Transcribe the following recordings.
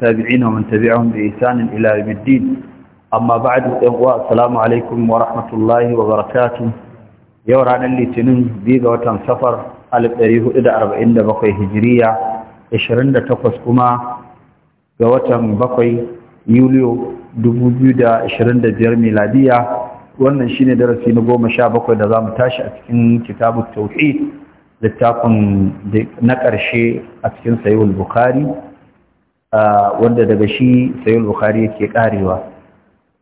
تابعين ومن تبعهم بإحسان إلى يوم الدين أما بعد السلام عليكم ورحمة الله وبركاته يورانا اللي تنين ديغة وتنسفر ألف أريه إدى أربعين بقي هجرية إشرين تقوس كما وتن بقي يوليو دبوبيو دا إشرين دير ميلادية wannan shine darasi na goma sha bakwai da za mu tashi a cikin kitabun tauhid littafin na ƙarshe a cikin sayuwar bukhari wanda daga shi sayi bukhari yake karewa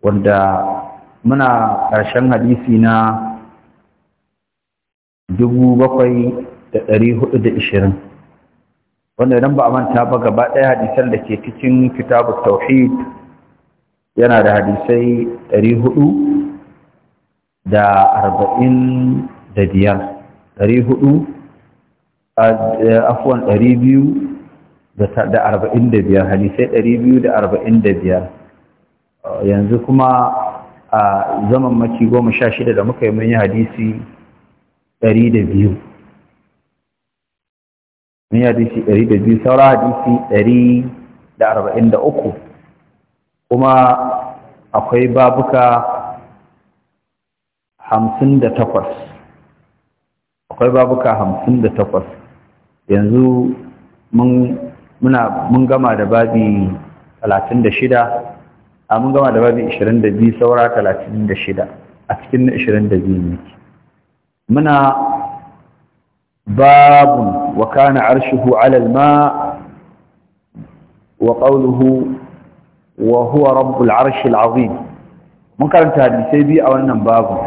wanda muna ƙarshen hadisi na 7420 wanda idan ba a manta ba gaba ɗaya hadisan da ke cikin kitabu tauhid yana da hadisai 400 da arba'in 45 400 afuwan 200 da arba'in da biyar hadisai ɗari biyu da arba'in da biyar yanzu kuma a zaman maki goma sha shida da muka yi mun yi hadisi ɗari da biyu mun yi hadisi ɗari da biyu saura hadisi ɗari da arba'in da uku kuma akwai babuka hamsin da takwas akwai babuka hamsin da takwas yanzu mun muna mun gama da babi 36 a mun gama da babi 22 saura 36 a cikin na 22 ne muna babun wa kana arshuhu ala alma wa qawluhu wa huwa rabbul arshil azim mun karanta hadisai biyu a wannan babun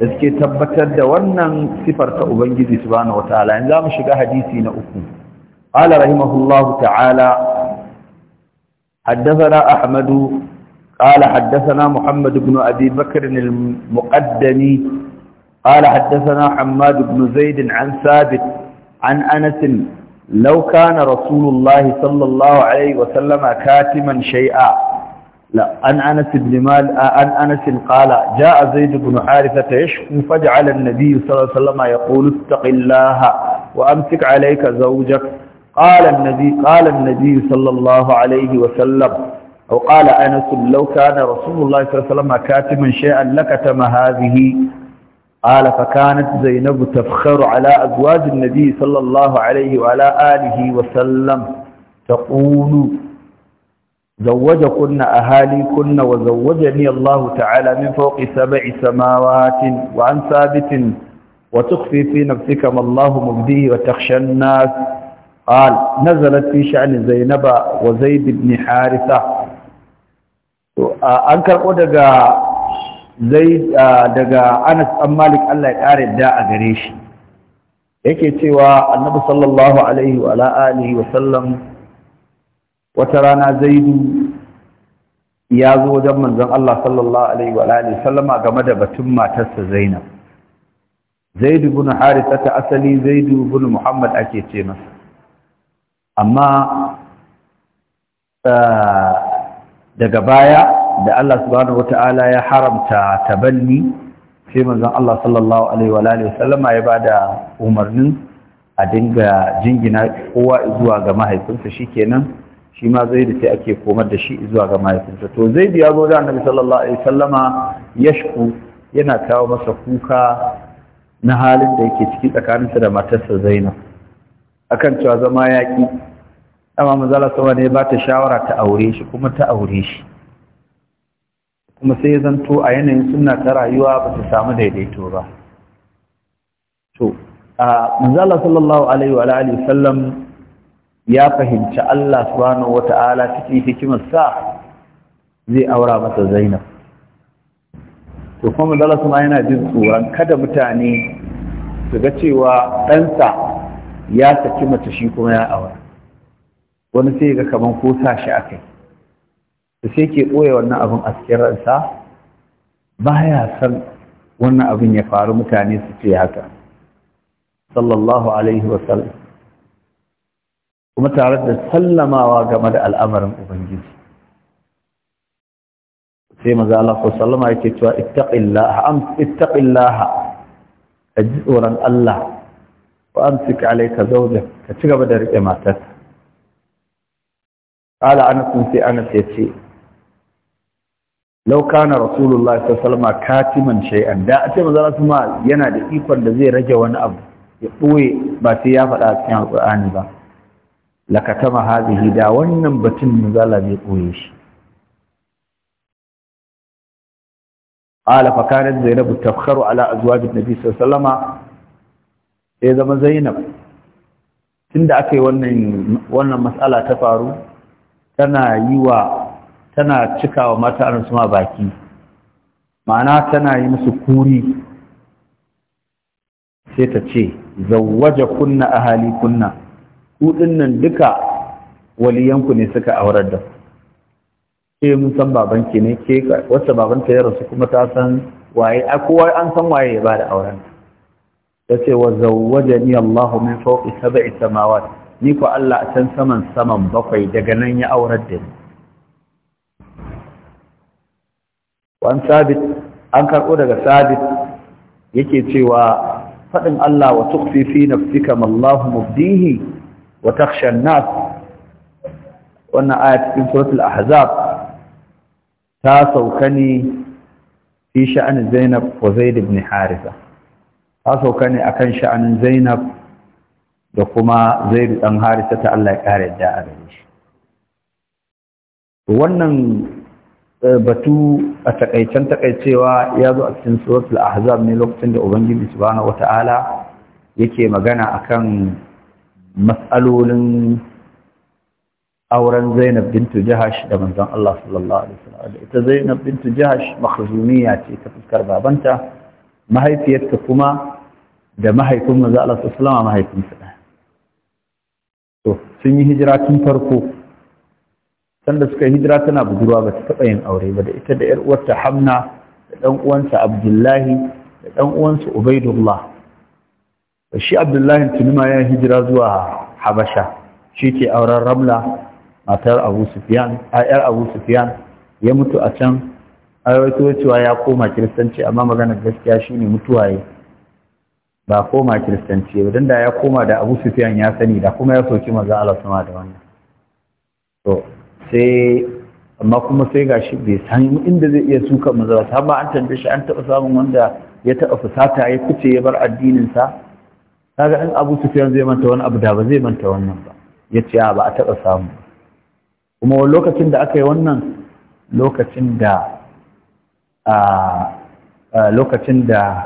da suke tabbatar da wannan sifar ta Ubangiji subhanahu wataala yanzu za mu shiga hadisi na uku قال رحمه الله تعالى حدثنا أحمد قال حدثنا محمد بن أبي بكر المقدمي قال حدثنا حماد بن زيد عن ثابت عن أنس لو كان رسول الله صلى الله عليه وسلم كاتما شيئا لا عن أنس بن مال عن أنس قال جاء زيد بن حارثة يشكو فجعل النبي صلى الله عليه وسلم يقول اتق الله وأمسك عليك زوجك قال النبي قال النبي صلى الله عليه وسلم أو قال أنس لو كان رسول الله صلى الله عليه وسلم كاتما شيئا لكتم هذه قال فكانت زينب تفخر على أزواج النبي صلى الله عليه وعلى آله وسلم تقول زوجكن أهاليكن وزوجني الله تعالى من فوق سبع سماوات وعن ثابت وتخفي في نفسك ما الله مبديه وتخشى الناس قال نزلت في شأن زينب وزيد بن حارثة an karɓo daga zai daga Anas an Malik Allah ya ƙare da a gare shi yake cewa Annabi sallallahu alaihi wa sallam wata rana Zaidu ya zo wajen manzon Allah sallallahu alaihi wa alihi sallama game da batun matarsa Zainab Zaid ibn Harithah asali Zaid ibn Muhammad ake ce masa amma eh, daga baya da Allah subhanahu ta'ala ya haramta tabanni sai manzon Allah sallallahu alaihi wa alihi wasallama ya bada umarnin a dinga jingina kowa zuwa ga mahaifinsa shikenan shi ma zai da sai ake komar da shi zuwa ga mahaifinsa to zai biya zo da annabi sallallahu alaihi wasallama yashku yana kawo masa kuka na halin da yake ciki tsakaninsa da matarsa Zainab akan cewa zama yaƙi amma manzala sama ne ba ta shawara ta aure shi kuma ta aure shi kuma sai zanto a yanayin suna ta rayuwa ba su samu daidaito ba to a manzala sallallahu alaihi wa alihi sallam ya fahimci Allah subhanahu wata'ala cikin sa zai aura masa Zainab to kuma manzala sama yana jin tsoron kada mutane su ga cewa ɗansa ya saki mace shi kuma ya aura wani sai ga kaman ko sa shi akai da sai ke ɓoye wannan abin a cikin ba ya san wannan abin ya faru mutane su ce haka sallallahu alaihi wa wasallam kuma tare da sallamawa game da al'amarin ubangiji sai maza Allah ko sallama yake cewa ittaqillaha am ittaqillaha tsoron Allah wa amsik ka zawjak ka ci gaba da rike matarka qala anas sai anas yace law kana rasulullahi sallallahu alaihi wasallam katiman shay'an da a ce manzo kuma yana da ikon da zai rage wani abu ya boye ba sai ya faɗa a cikin alqur'ani ba lakatama hadhihi da wannan batun manzo bai boye shi قال فكانت زينب تفخر على أزواج النبي صلى الله عليه وسلم ya zama zainab tunda aka yi wannan matsala ta faru tana yi wa tana cikawa mata su ma baki ma'ana tana yi musu kuri sai ta ce zawwaja kunna ahali kunna kudin nan duka waliyanku ne suka aurar da ke mun san babanki ne ke wacce babanta ya rasu kuma ta san waye a kowa an san waye ya ba da auren yace wa zawwajani Allahu min fawqi sab'i samawat ni ko Allah a can saman saman bakwai daga nan ya aurar da ni wan sabit an karbo daga sabit yake cewa fadin Allah wa tukhfi fi nafsika ma Allahu mubdihi wa takhsha an-nas wannan aya cikin suratul ahzab ta sauka ne fi sha'anin Zainab wa Zaid ibn Haritha ta sauka ne akan sha'anin Zainab da kuma Zaid ɗan Harisa ta Allah ya kare da a gare wannan eh, batu a takaicen takaicewa ya zo a cikin suratul ahzab ne lokacin da ubangiji subhanahu wata'ala yake magana akan mas'alolin auren Zainab bintu Jahash da manzon Allah sallallahu alaihi wasallam ita Zainab bintu Jahash makhzumiyya ce ta fuskar babanta Mahaifiyarta kuma da mahaifin maza Allah sallama mahaifinsa ɗaya to sun yi hijira tun farko sanda suka yi hijira tana budurwa ba ta taɓa yin aure ba da ita da 'yar uwarta hamna da ɗan uwansa abdullahi da ɗan uwansa ubaidullah da shi abdullahi tunima ya hijira zuwa habasha shi ke auren ramla matar abu sufiyan ayar abu sufiyan ya mutu a can a cewa ya koma kiristanci amma maganar gaskiya shine mutuwa ya ba koma kiristanci ba don da ya koma da abu sufiyan ya sani da kuma ya soki maza Allah sama da wannan to sai amma kuma sai gashi bai sani inda zai iya suka maza ba har an tambaye shi an taɓa samun wanda ya taɓa fusata ya kuce ya bar addininsa. sa kaga in abu sufiyan zai manta wani abu da ba zai manta wannan ba ya ce ba a taɓa samu kuma lokacin da aka yi wannan lokacin da a lokacin da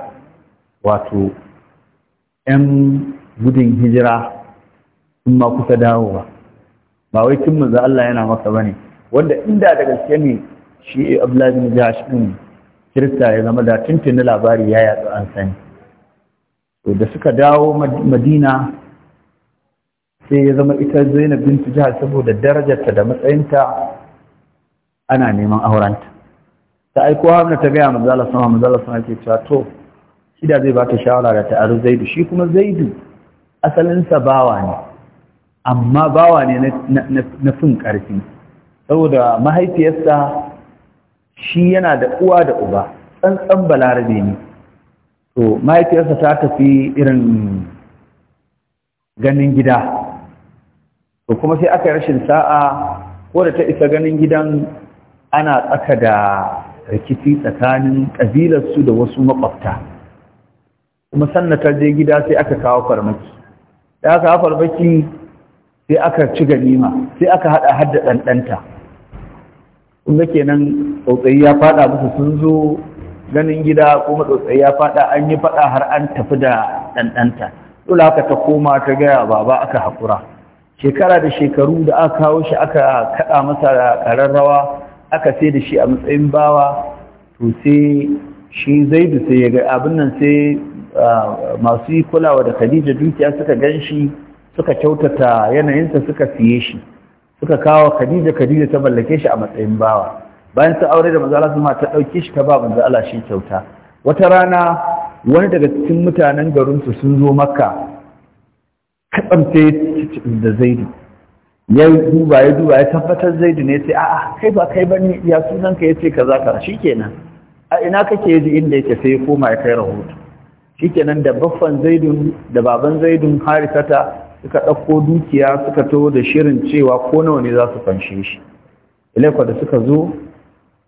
wato 'yan gudun hijira sun ma kusa dawowa ba wai kin manzo Allah yana maka ba ne. wanda inda daga gaske ne shi Abdullahi bin Jahash kirista ya zama da na labari ya yatsu an sani da suka dawo Madina sai ya zama ita na bintu saboda darajarta da matsayinta ana neman aurenta ta aiko hamna ta gaya manzala sama manzala sama ke cewa to shi da zai bata shawara da ta aru zaidu shi kuma zaidu asalinsa bawa ne amma bawa ne na fin ƙarfi saboda mahaifiyarsa shi yana da uwa da uba tsantsan balarabe ne to mahaifiyarsa ta tafi irin ganin gida to kuma sai aka rashin sa'a ko da ta isa ganin gidan ana tsaka da rikici tsakanin ƙabilarsu da wasu makwabta kuma sannatar je gida sai aka kawo farmaki da aka hawa farmaki sai aka ci ganima sai aka haɗa hadda ɗanɗanta kuma kenan tsautsayi ya faɗa musu sun zo ganin gida kuma tsautsayi ya faɗa an yi faɗa har an tafi da ɗanɗanta dole aka ta koma ta gaya baba aka haƙura shekara da shekaru da aka kawo shi aka kaɗa masa ƙararrawa aka sai da shi a matsayin bawa to sai shi zaidu sai ya abin nan sai masu yi kulawa da khadija dukiya suka gan shi suka kyautata yanayinsa suka siye shi suka kawo khadija khadija ta mallake shi a matsayin bawa bayan sun aure da manzo su ma ta dauke shi ta ba manzo Allah shi kyauta wata rana wani daga cikin mutanen garinsu sun zo makka katsam sai da zaidu ya duba ya duba ya tabbatar zaidu ne sai a'a kai ba kai ba ne ya sunan ka yace ce ka shikenan a ina kake ji inda yake sai ya koma ya kai rahoto shikenan da baffan zaidun da baban zaidun harisata suka ɗauko dukiya suka to da shirin cewa ko nawa ne za su fanshe shi ilaikwa da suka zo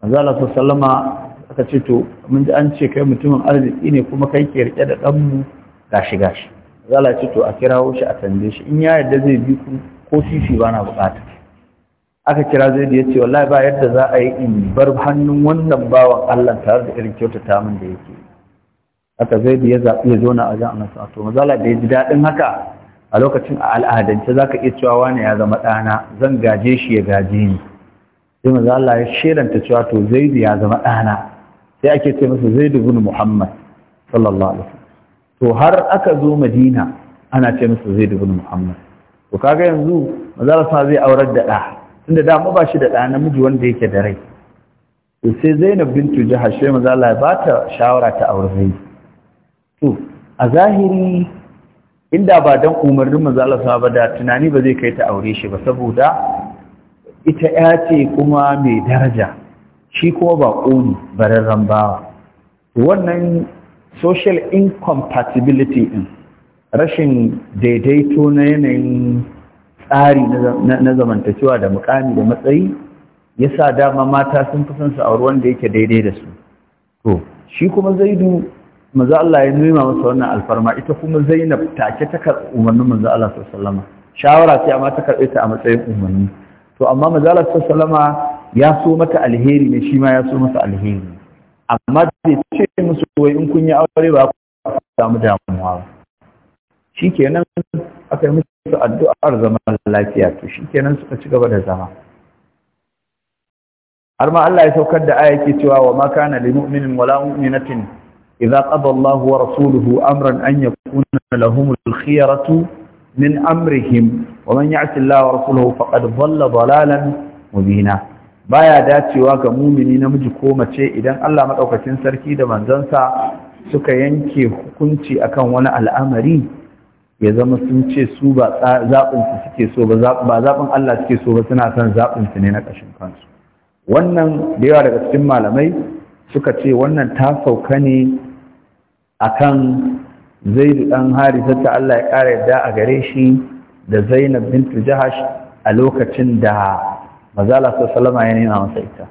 manzala sallama aka ce to mun ji an ce kai mutumin arziki ne kuma kai ke riƙe da ɗanmu gashi gashi manzala ce to a kirawo shi a tambaye shi in ya yarda zai bi ku ko sisi ba na bukata aka kira zai da ya ce wallahi ba yadda za a yi in bar hannun wannan bawan Allah tare da irin kyauta ta min da yake aka zai da ya zaɓi ya zauna a jan sa'a to mazala da ya ji daɗin haka a lokacin a al'adance za ka iya cewa wani ya zama ɗana zan gaje shi ya gaje ni sai maza Allah ya shelanta cewa to zaidu ya zama ɗana sai ake ce masa zaidu bin muhammad sallallahu alaihi to har aka zo madina ana ce masa zaidu bin muhammad to kaga yanzu manzala sa zai aurar da ɗa tunda da ba shi da ɗa namiji wanda yake da rai to sai Zainab bintu Jahash sai manzala ba ta shawara ta aure zai to a zahiri inda ba dan umarnin manzala sa ba da tunani ba zai kai ta aure shi ba saboda ita ya ce kuma mai daraja shi kuma ba ƙoni bararren bawa wannan social incompatibility din rashin daidaito na yanayin tsari na zamantakewa da mukami da matsayi ya sa dama mata sun fi son su wanda yake daidai da su to shi kuma zaidu maza Allah ya nuna masa wannan alfarma ita kuma zainab take ta karɓi umarnin maza Allah shawara sai amma ta karɓe ta a matsayin umarni to amma maza Allah salama ya so mata alheri ne shi ma ya so masa alheri amma bai ce musu wai in kun yi aure ba ku samu damuwa ba kenan aka yi musu addu'ar zaman lafiya to kenan suka ci gaba da zama har ma Allah ya saukar da aya yake cewa wa maka na lil mu'minin wala mu'minatin idza wa rasuluhu amran an yakuna lahumul khiyaratu min amrihim wa man ya'ti Allah wa rasuluhu faqad dhalla dhalalan mubina baya dacewa ga mumini namiji ko mace idan Allah madaukakin sarki da manzansa suka yanke hukunci akan wani al'amari ya zama sun ce su ba zaɓinsu suke so ba ba zaɓin Allah suke so ba suna son zaɓinsu ne na ƙashin kansu wannan da yawa daga cikin malamai suka ce wannan ta sauka ne akan zaidu Ɗan harisa ta Allah ya ƙara yadda a gare shi da zainab bintu jahash a lokacin da mazala sallama ya nema masa ita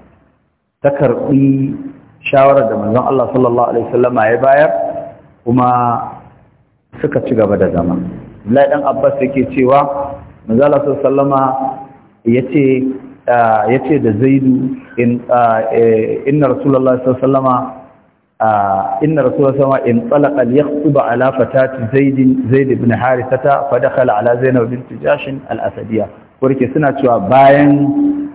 ta karɓi shawarar da manzon Allah sallallahu alaihi wasallama ya bayar kuma suka ci gaba da zama Lai ɗan Abbas yake cewa manzala sallama ya ce ah, da Zaidu ah, eh, inna ah, inna Rasulullah sallama inna Rasulullah sallama in tsalaƙa yakhtuba ba alafata ta Zaid ibn Harithata fa dakhala ala Zainab bint Jash al-Asadiyya kurke suna cewa bayan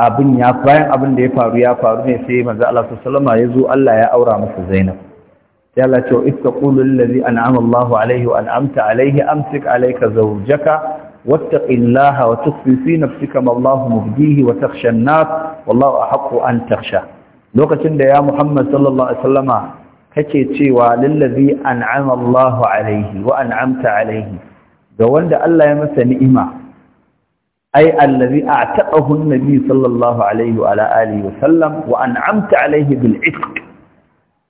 abin ya bayan abin da ya faru ya faru ne sai manzo Allah sallama zo Allah ya aura masa Zainab ya Allah ce ittaqulul ladzi an'ama Allahu alayhi wa an an'amta alayhi amsik alayka zawjaka wattaqillaha wa tukhfi fi nafsika ma Allahu mubdihi wa takhsha an-nas wallahu ahaqqu an takhsha lokacin da ya Muhammad sallallahu alaihi wasallama kake cewa lillazi an'ama Allahu alaihi wa an an'amta alaihi ga wanda Allah ya masa ni'ima ai allazi a'taqahu an-nabi sallallahu alaihi wa ala alihi wa sallam wa an an'amta alaihi bil itq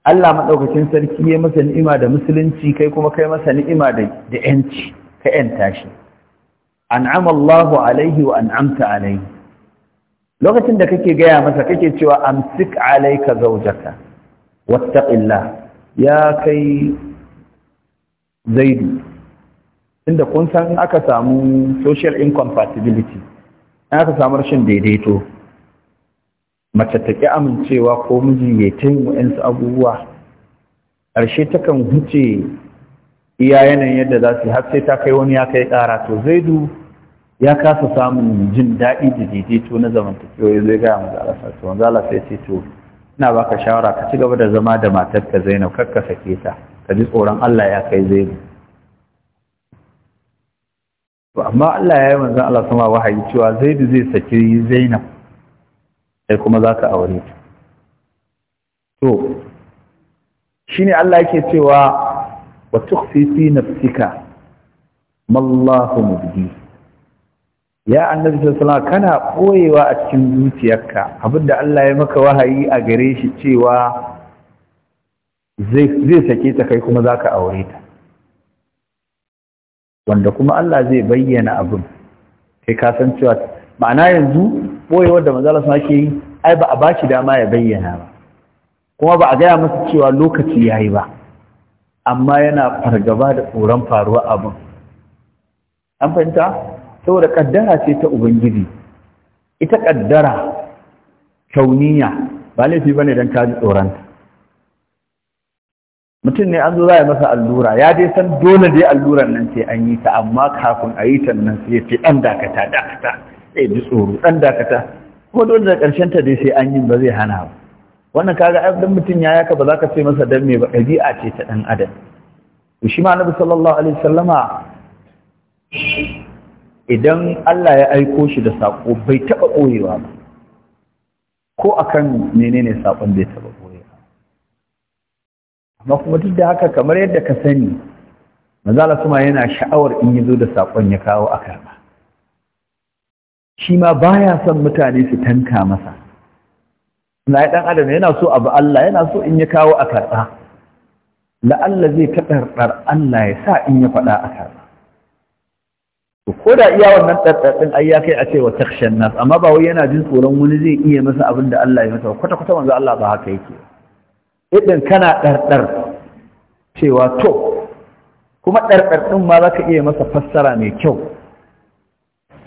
Allah maɗaukacin sarki ya masa ni'ima da musulunci kai kuma kai masa ni'ima da ‘yanci, ka ‘yanta shi. An'am Allahu alaihi wa an'amta alaihi. Lokacin da kake gaya masa kake cewa amsik alaika zaujaka, wattaƙillah, ya kai zaidu. Inda kun san aka samu social incompatibility, aka samu rashin daidaito. mace ta ƙi amincewa ko miji ya taimu yin abubuwa ƙarshe takan huce iya yanayin yadda za su har sai ta kai wani ya kai ƙara to zaidu ya kasa samun jin daɗi da daidaito na zamantakewa zai gaya mu sa to wanzala sai ce to ina baka shawara ka ci gaba da zama da matar ka zainab kar ka sake ta ka ji tsoron Allah ya kai zainab amma Allah ya yi manzon Allah sama wahayi cewa zaidu zai saki zainab sai kuma za ka aure ta to shi ne Allah yake cewa wa tukfi fi nafsika mallahu mubdi ya annabi sallallahu kana koyewa a cikin zuciyarka abinda Allah ya maka wahayi a gare shi cewa zai sake ta kai kuma za ka aure ta wanda kuma Allah zai bayyana abin kai kasancewa ma'ana yanzu boyewar da manzala ake yi ai ba a ba shi dama ya bayyana ba kuma ba a gaya masa cewa lokaci ya yi ba amma yana fargaba da tsoron faruwa abin an fahimta saboda kaddara ce ta ubangiji ita kaddara kauniya ba laifi ba ne don kaji tsoronta mutum ne an zo za a masa allura ya dai san dole dai alluran nan sai an yi ta amma kafin a yi ta nan sai ya ce ɗan dakata dakata sai ji tsoro ɗan dakata ko dole da karshen ta dai sai an yi ba zai hana ba wannan kaga abin mutum ya yaka ba za ka ce masa dan me ba ɗabi'a ce ta dan adam to shi ma annabi sallallahu alaihi wasallama idan Allah ya aiko shi da sako bai taba koyewa ba ko akan menene sakon bai taba koyewa amma kuma duk da haka kamar yadda ka sani la suma yana sha'awar in zo da sakon ya kawo a shi ma baya son mutane su tanka masa na ɗan adam yana so abu Allah yana so in ya kawo a karɓa Allah zai ɗarɗar Allah ya sa in ya faɗa a karɓa ko da iya wannan ɗarɗarɗin ai ya kai a cewa takshen nas amma ba wai yana jin tsoron wani zai iya masa abin da Allah ya masa kwata kwata wanzu Allah ba haka yake idan kana ɗarɗar cewa to kuma ɗarɗar ɗin ma za ka iya masa fassara mai kyau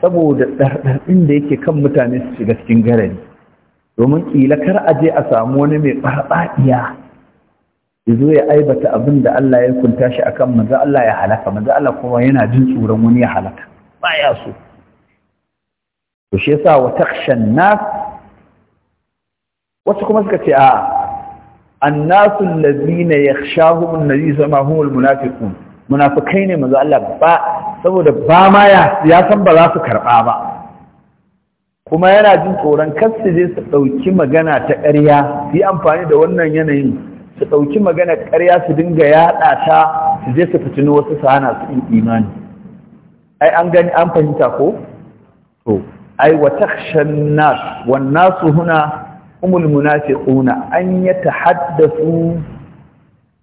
saboda ɗarɗarɗin da yake kan mutane su shiga cikin garari domin ƙila kar a je a samu wani mai ɓarɓaɗiya ya zo ya aibata abin da Allah ya kunta shi akan manzo Allah ya halaka manzo Allah kuma yana jin tsoron wani ya halaka ya so to shi yasa wa takshan nas wasu kuma suka ce a annasu allazina yakhshahum annabi sama humul munafiqun munafikai ne manzo Allah ba saboda ba ma ya san ba za su karɓa ba kuma yana jin tsoron kar su je su ɗauki magana ta ƙarya su yi amfani da wannan yanayin su ɗauki magana ƙarya su dinga yaɗa ta su je su fitini wasu su hana su yi imani ai an gani an fahimta ko to ai wa takshan nas wan nasu huna humul munafiquna an yatahaddathu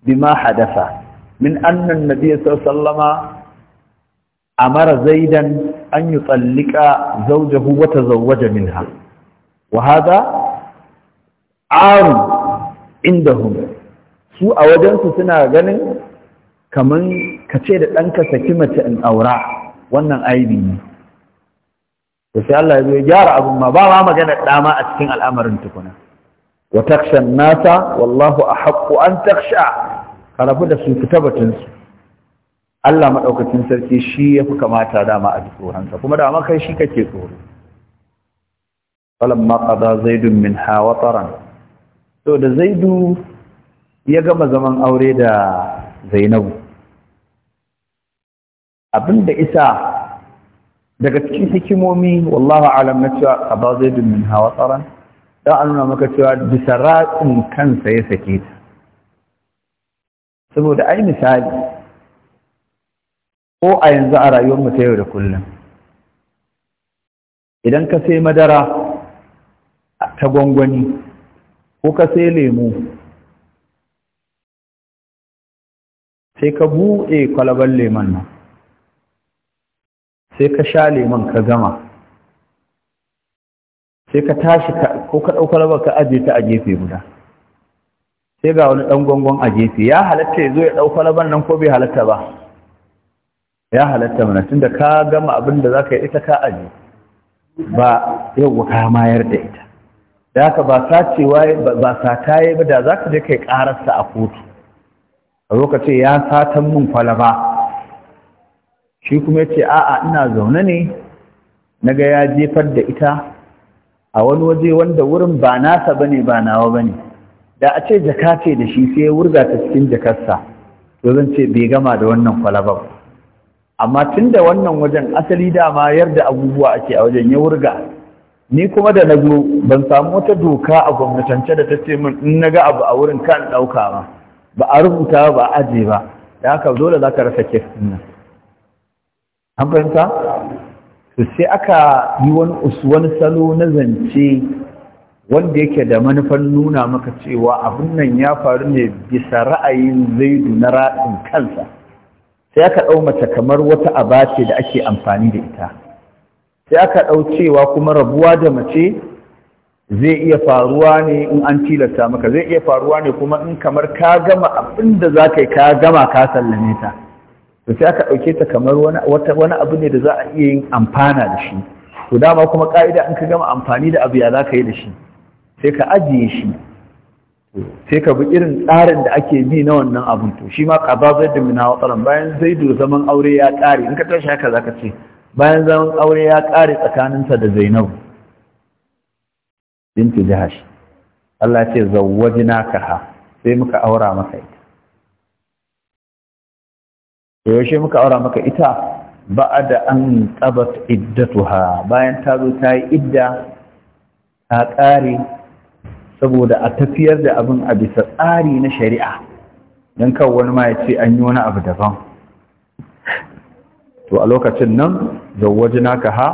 bima hadatha min anna an sallallahu alaihi wasallama amara zaidan an yi tsallika zaujahu wata zauwaje minha wa haza arun inda su a wajensu suna ganin kamar ka ce da ɗanka saki mace in aura wannan aibi ne da sai Allah ya zo ya gyara abin ma ba ma magana ɗama a cikin al'amarin tukuna wa takshan nasa wallahu a haƙƙo an taksha ka da su fita batunsu Allah maɗaukacin sarki shi ya fi kamata dama a tsoronsa kuma dama kai shi kake tsoro falamma qada zaidun min hawataran to da zaidu ya gama zaman aure da zainabu abinda isa daga cikin hikimomi wallahu alam na cewa qada zaidun min hawataran da an nuna maka cewa bisa ratsin kansa ya sake ta saboda ai misali ko a yanzu a rayuwarmu ta yau da kullum idan ka sai madara ta gwangwani ko ka sai lemu sai ka buɗe kwalabar leman nan sai ka sha leman ka gama sai ka tashi ko ka ɗau kwalabar ka ajiye ta a gefe guda sai ga wani ɗan gwangwan a gefe ya halatta ya zo ya ɗau kwalabar nan ko bai halatta ba ya halatta mana tunda ka gama abin da za ka yi ita ka aji ba yau ka mayar da ita da haka ba sacewa ba ta yi ba da za ka je kai kararsa a kotu a lokacin ya satan min kwalaba shi kuma ya ce a'a ina zaune ne na ga ya jefar da ita a wani waje wanda wurin ba nasa bane ba nawa bane da a ce jaka ce da shi sai ya wurga ta cikin jakarsa to zan ce bai gama da wannan kwalabar amma tun da wannan wajen asali dama yarda abubuwa ake a wajen ya wurga ni kuma da na zo ban samu wata doka a gwamnatance da ta ce min in na ga abu a wurin kan ɗauka ba ba a rubuta ba a aje ba da haka dole za ka rasa kes nan an fahimta to sai aka yi wani wani salo na zance wanda yake da manufan nuna maka cewa abin nan ya faru ne bisa ra'ayin zaidu na raɗin kansa sai aka ɗau mace kamar wata aba ce da ake amfani da ita sai aka ɗau cewa kuma rabuwa da mace zai iya faruwa ne in an tilasta maka zai iya faruwa ne kuma in kamar ka gama abin da za ka yi ka gama ka sallame ta to sai aka ɗauke ta kamar wani abu ne da za a iya yin amfana da shi to dama kuma ƙa'ida in ka gama amfani da abu ya za ka yi da shi sai ka ajiye shi sai ka bi irin tsarin da ake bi na wannan abun to shi ma kaza zai dimina watsaran bayan zai zaidu zaman aure ya ƙare in ka tashi haka za ka ce bayan zaman aure ya ƙare tsakaninsa da zainab ji hashi. Allah ce na ka ha sai muka aura maka ita to yaushe muka aura maka ita Ba a da an qabat iddatuha bayan ta zo ta yi idda ta ƙare saboda a tafiyar da abin a bisa tsari na shari'a don kawo wani ma ya ce an yi wani abu daban to a lokacin nan zawaji naka ha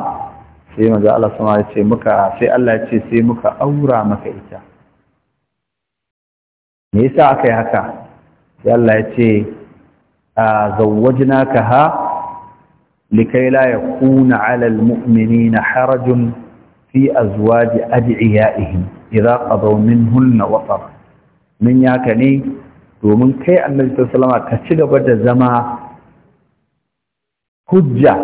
sai maza Allah sama ya ce muka sai Allah ya ce sai muka aura maka ita me yasa aka yi haka sai Allah ya ce a zawaji naka ha likai la yakuna ala almu'minina harajun fi azwaji adiyaihim idza qadaw minhunna watara min yaka ne domin kai annabi sallallahu alaihi ka ci gaba da zama hujja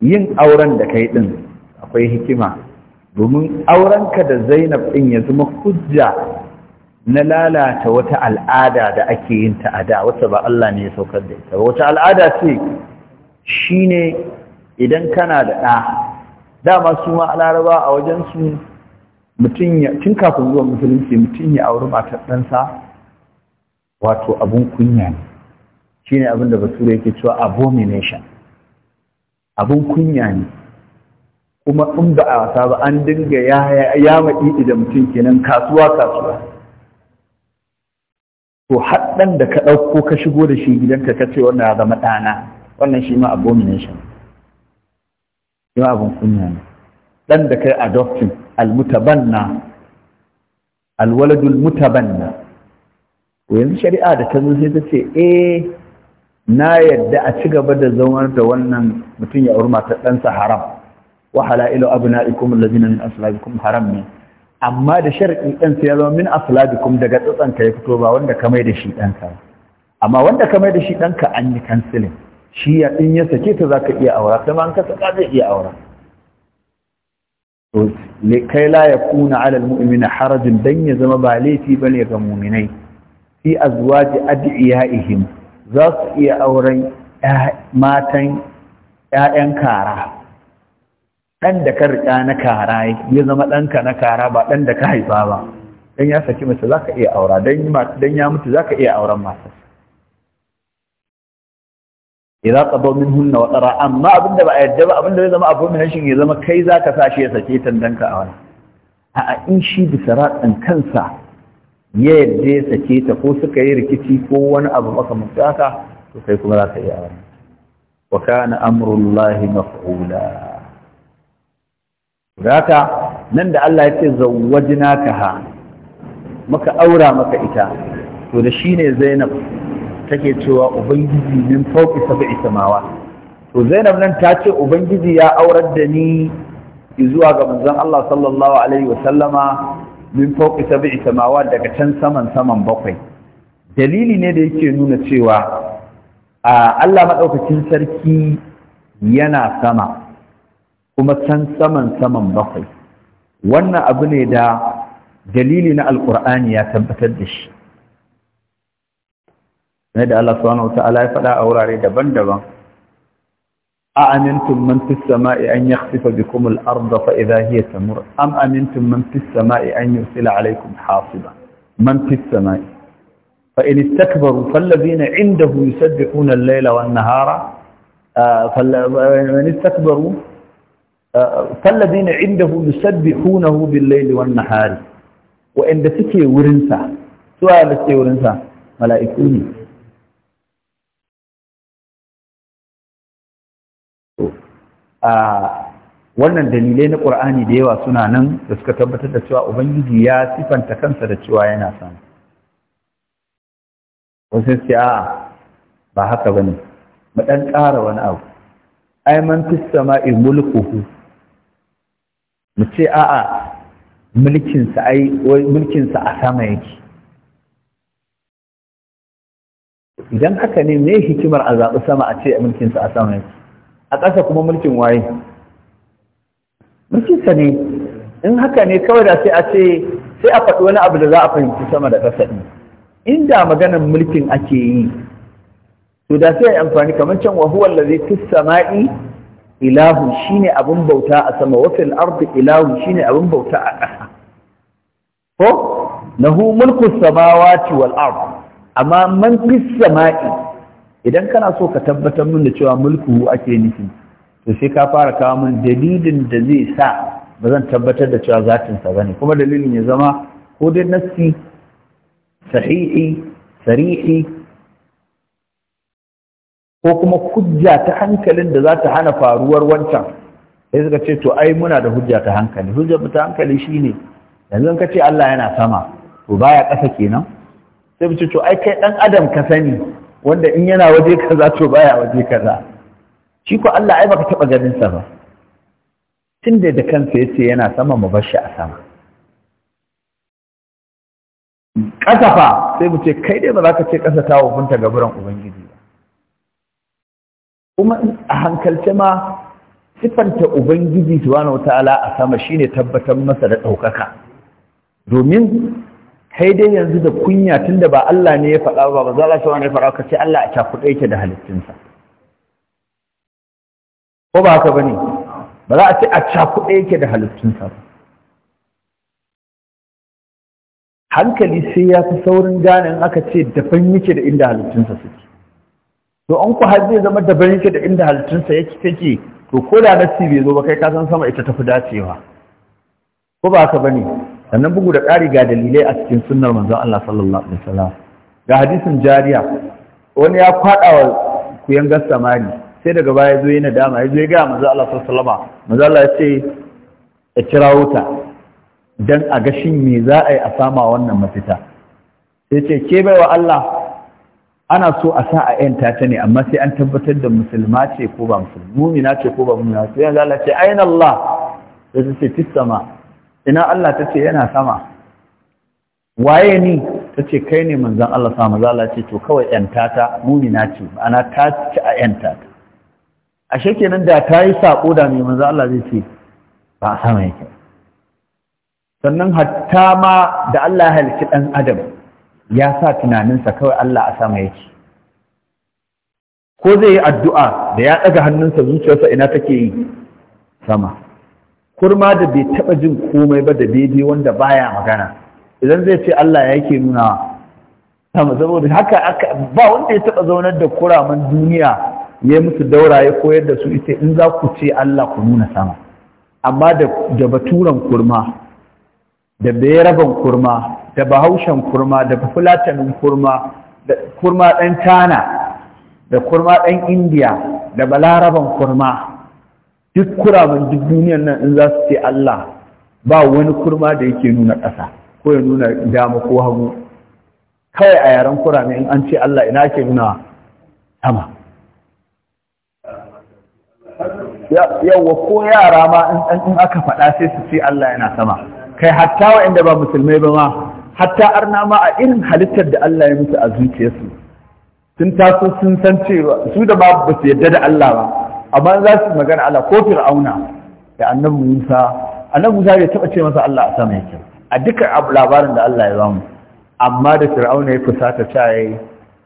yin auren da kai din akwai hikima domin aurenka da Zainab din ya zama hujja na lalata wata al'ada da ake yin ta a da wata ba Allah ne ya saukar da ita wata al'ada ce shine idan kana da ɗa dama su ma a laraba a wajensu mutum ya tun kafin zuwa musulunci mutum ya auri matar ɗansa wato abun kunya ne shi ne abin da basura yake cewa abomination abun kunya ne kuma in ba a wasa ba an dinga ya maɗi da mutum kenan kasuwa kasuwa to haɗɗan da ka ɗauko ka shigo da shi gidanka ka ce wannan ya zama ɗana wannan shi ma abomination yau abin kunya ne dan da kai adoptin almutabanna alwaladul mutabanna to yanzu shari'a da ta zo sai ta ce eh na yadda a ci gaba da zaunar da wannan mutum ya auri matar ɗansa haram wa halailu abna'ikum allazina min aslabikum haram ne amma da shar'i ɗan sai ya zama min aslabikum daga tsatsanka ya fito ba wanda ka mai da shi ɗanka amma wanda ka mai da shi ɗanka an yi kansilin shi ya in ya sake ta ka iya aura ma an ka saka zai iya aura to kai la kuna alal almu'mina harajin dan ya zama ba laifi bane ga mu'minai fi azwaji adiyaihim za su iya auren matan ‘ya'yan kara, ɗan da ka riƙa na kara ya zama ɗanka na kara ba ɗan da ka haifa ba, don ya saki mace za ka iya aura, don ya mutu za ka iya auren masu. ka bar min wa tara amma abinda ba a yadda ba abinda zai zama abomination ya zama kai zaka sa shi ya sake tandanka a wani a in shi bisa ratsan kansa ya yadda ya sake ta ko suka yi rikici ko wani abu maka mutaka to kai kuma za ka yi a wani wa kana amrullahi maf'ula Zaka nan da Allah ya ce zawwajnaka ha muka aura maka ita to da shine Zainab take cewa ubangiji min fauki sab'i samawa to Zainab nan ta ce ubangiji ya aurar da ni zuwa ga manzon Allah sallallahu alaihi wa sallama min fauki sab'i samawa daga can saman saman bakwai dalili ne da yake nuna cewa a Allah madaukakin sarki yana sama kuma can saman saman bakwai wannan abu ne da dalili na alkur'ani ya tabbatar da shi ne da Allah subhanahu wata'ala ya fada a wurare daban-daban a amintum man fis sama'i an yakhsifa bikum al ard fa idha hiya tamur am amintum man fis sama'i an yursila alaykum hasiba man fis sama'i fa in istakbaru fal ladina 'indahu yusabbihuna al-layla wan-nahara istakbaru fal ladina فمن استكبروا فالذين عنده يسبحونه بالليل والنهار وإن تكي ورنسا سواء تكي ورنسا ملائكوني wannan dalilai na ƙur'ani da yawa suna nan da suka tabbatar da cewa ubangiji ya sifanta kansa da cewa yana son wasu sai a ba haka ba ne mu ɗan ƙara wani abu ai man ma sama'i mulkuhu mu ce a'a mulkinsa ai mulkinsa a sama yake idan haka ne me hikimar a zaɓi sama a ce mulkinsa a sama yake a ƙasa kuma mulkin waye mulkinsa ne in haka ne kawai da sai a ce sai a faɗi wani abu da za a fahimci sama da ƙasa ne. inda maganar mulkin ake yi to da sai amfani kamar can wa huwa allazi fis sama'i ilahu shine abin bauta a sama wa fil ardi ilahu shine abin bauta a ƙasa ko lahu mulku samawati wal ard amma man fi sama'i idan kana so ka tabbatar min da cewa mulku ake nufi to sai ka fara kawo mun dalilin da zai sa ba zan tabbatar da cewa zatinsa ba ne kuma dalilin ya zama ko dai nassi sahihi sarihi ko kuma hujja ta hankalin da za ta hana faruwar wancan sai suka ce to ai muna da hujja ta hankali hujja ta hankali shine yanzu ka ce Allah yana sama to baya ƙasa kenan sai mu ce to ai kai ɗan adam ka sani wanda in yana waje kaza to baya waje kaza shi ko Allah ai baka taba ganin sa ba tunda da kansa yace yana sama mu bar shi a sama kasafa sai mu ce kai dai ba za ka ce kasa ta hukunta buran ubangiji ba kuma a hankalce ma siffanta ubangiji subhanahu ta'ala a sama shine tabbatar masa da ɗaukaka domin kai dai yanzu da kunya tunda ba Allah ne ya faɗa ba ba za a shi wani faɗa ka ce Allah a cakuɗe yake da halittunsa ko ba haka ne, ba za a ce a cakuɗe yake da halittunsa ba hankali sai ya fi saurin gane in aka ce daban yake da inda halittunsa suke to an ku har zai zama daban yake da inda halittunsa yake take to ko da nasi bai zo ba kai ka san sama ita tafi dacewa ko ba haka ne. sannan bugu da ƙari ga dalilai a cikin sunnar manzon Allah sallallahu alaihi wasallam ga hadisin jariya wani ya kwada wa kuyan samari sai daga baya zo yana dama ya zo ya ga manzon Allah sallallahu alaihi wasallam manzon Allah ya ce ya kira wuta dan a ga shin me za a yi a sama wannan mafita sai ce ke baiwa Allah ana so a sa a yanta ta ne amma sai an tabbatar da musulma ce ko ba musulmi mumina ce ko ba mumina sai Allah Allah ce ayin Allah sai ce tisama ina Allah ta ce yana sama waye ni ta ce kai ne manzan Allah sama maza Allah ce to kawai 'yantata. Muni mumina ce ana ta ci a ‘yantata ta a shekenan da ta yi saƙo da mai manzan Allah zai ce ba a sama yake sannan hatta ma da Allah halki ɗan adam ya sa tunaninsa kawai Allah a sama yake ko zai yi addu'a da ya ɗaga hannunsa zuciyarsa ina take yi sama kurma da bai taɓa jin komai ba da daidai wanda baya magana idan zai ce Allah yake nuna sama saboda haka ba wanda ya taɓa zaunar da kuraman duniya ya musu daura ya koyar da su ita in za ku ce Allah ku nuna sama amma da baturan kurma da beraban kurma da bahaushen kurma da fulatanin kurma da kurma ɗan tana da kurma ɗan indiya da balaraban kurma duk kuraman duk duniyan nan in za su ce Allah ba wani kurma da yake nuna ƙasa ko ya nuna dama ko hagu kawai a yaren kurame in an ce Allah ina ke nuna sama yawwa ko yara ma in aka faɗa sai su ce Allah yana sama kai hatta wa'inda ba musulmai ba ma hatta arna ma a irin halittar da Allah ya mutu a zuciyarsu sun taso sun san cewa su da ba su yadda da Allah ba amma za su magana Allah ko fir'auna da annabi Musa annabi Musa ya taba ce masa Allah a sama yake a dukkan labarin da Allah ya bamu amma da fir'auna ya fusata ta yayi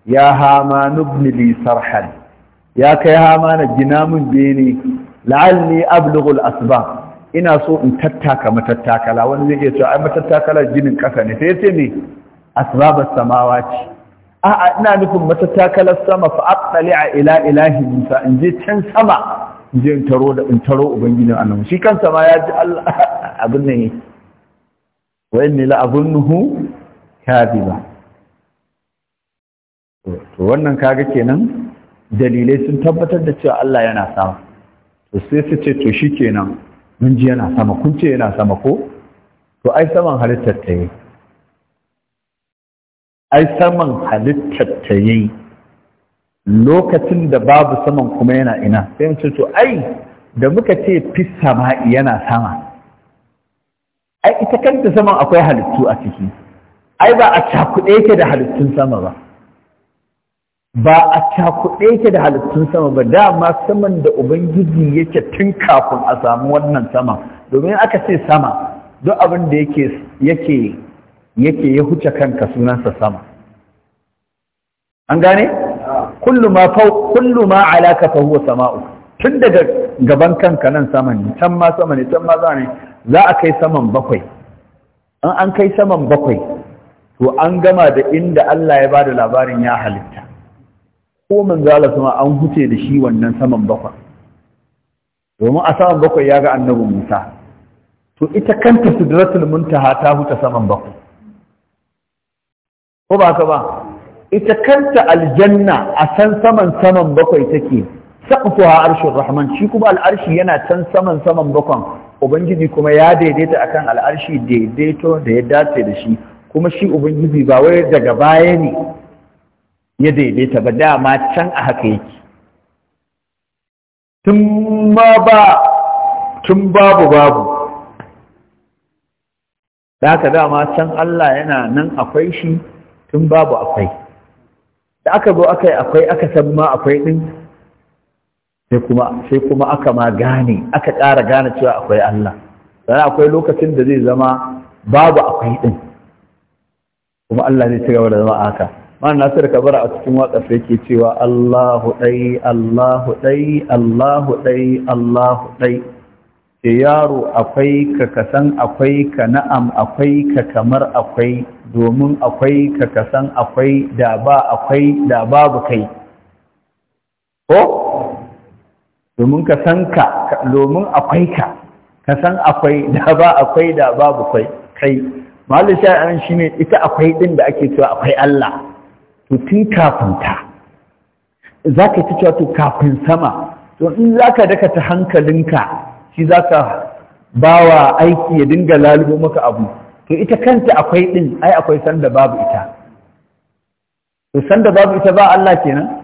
ya hama nubni li sarhan ya kai hama na gina min bene la'alli ablughu al-asbab ina so in tattaka matattakala wani zai iya cewa ai matattakala ginin kasa ne sai ya ce ne asbab as-samawati a'a ina nufin matattakalar sama fa aqtali a ila ilahi musa in je can sama in je in taro da in taro ubangijin annabi shi kansa ma ya ji Allah abin ne wa inni la azunnuhu kadiba to wannan kaga kenan dalilai sun tabbatar da cewa Allah yana sama to sai su ce to shikenan mun ji yana sama kun ce yana sama ko to ai saman halittar ta yi ai saman halittar ta yi lokacin da babu saman kuma yana ina sai mace to ai da muka ce fissa sama yana sama ai ita kanta saman akwai halittu a ciki ai ba a cakuɗe yake da halittun sama ba ba a cakuɗe yake da halittun sama ba dama saman da ubangiji yake tun kafin a samu wannan sama domin aka ce sama duk abin da yake yake yake ya huce kanka sunansa sama an gane kullu ma fau kullu ma alaka fa huwa sama'u tun daga gaban kanka nan sama ne can ma sama ne can ma za ne za a kai saman bakwai an an kai saman bakwai to an gama da inda Allah ya bada labarin ya halitta ko manzala sama an huce da shi wannan saman bakwai domin a saman bakwai ya ga annabin Musa to ita kanta sidratul muntaha ta huta saman bakwai ko ba ka ba ita kanta aljanna a san saman saman bakwai take ha Arshin rahman shi kuma al'arshi yana can saman saman bakwan ubangiji kuma ya daidaita akan al'arshi daidaito da ya dace da shi kuma shi ubangiji ba wai daga baya ne ya daidaita ba dama can a haka yake tun ma ba tun babu babu da haka dama can Allah yana nan akwai shi tun babu akwai da aka zo aka yi akwai aka san ma akwai ɗin sai kuma aka ma gane aka ƙara gane cewa akwai Allah sannan akwai lokacin da zai zama babu akwai ɗin kuma Allah zai ci gaba da zama haka ma nasir kabara a cikin waƙar sai ke cewa Allahu ɗai Allahu ɗai Allahu ɗai Allahu ɗai da yaro akwai ka kasan akwai ka na'am akwai ka kamar akwai domin akwai ka kasan akwai da ba akwai da babu kai ko domin ka san ka domin akwai ka kasan akwai da ba akwai da babu kai kai malin sha'an shine ita akwai din da ake cewa akwai Allah to tun kafin ta zaka ta cewa to kafin sama to in zaka daka ta hankalinka shi za ka ba wa aiki ya dinga lalubo maka abu to ita kanta akwai ɗin ai akwai sanda babu ita to sanda babu ita ba Allah kenan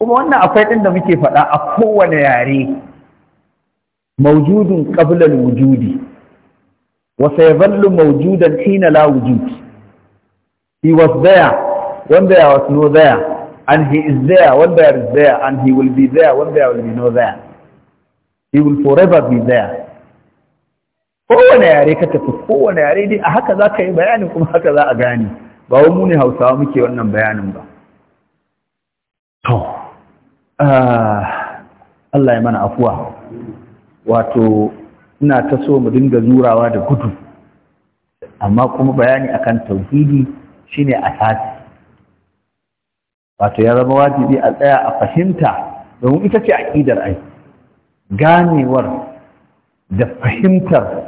kuma wannan akwai ɗin da muke faɗa a kowane yare maujudun qabla wujudi ya sayadhallu maujudan hina la wujud he was there wanda ya was no there And he is there when there is there, and he will be there when there will be no there. He will forever be there. Kowane yare ka tafi kowane yare dai a haka za ka yi bayanin kuma haka za a gane, ba wani muni hausawa muke wannan bayanin ba. To, ah, Allah ya mana afuwa, wato, ina ta so mu dinga zurawa da gudu, amma kuma bayani akan tauhidi shine asasi. wato ya zama wajibi a tsaya a fahimta domin ita ce aƙidar ai ganewar da fahimtar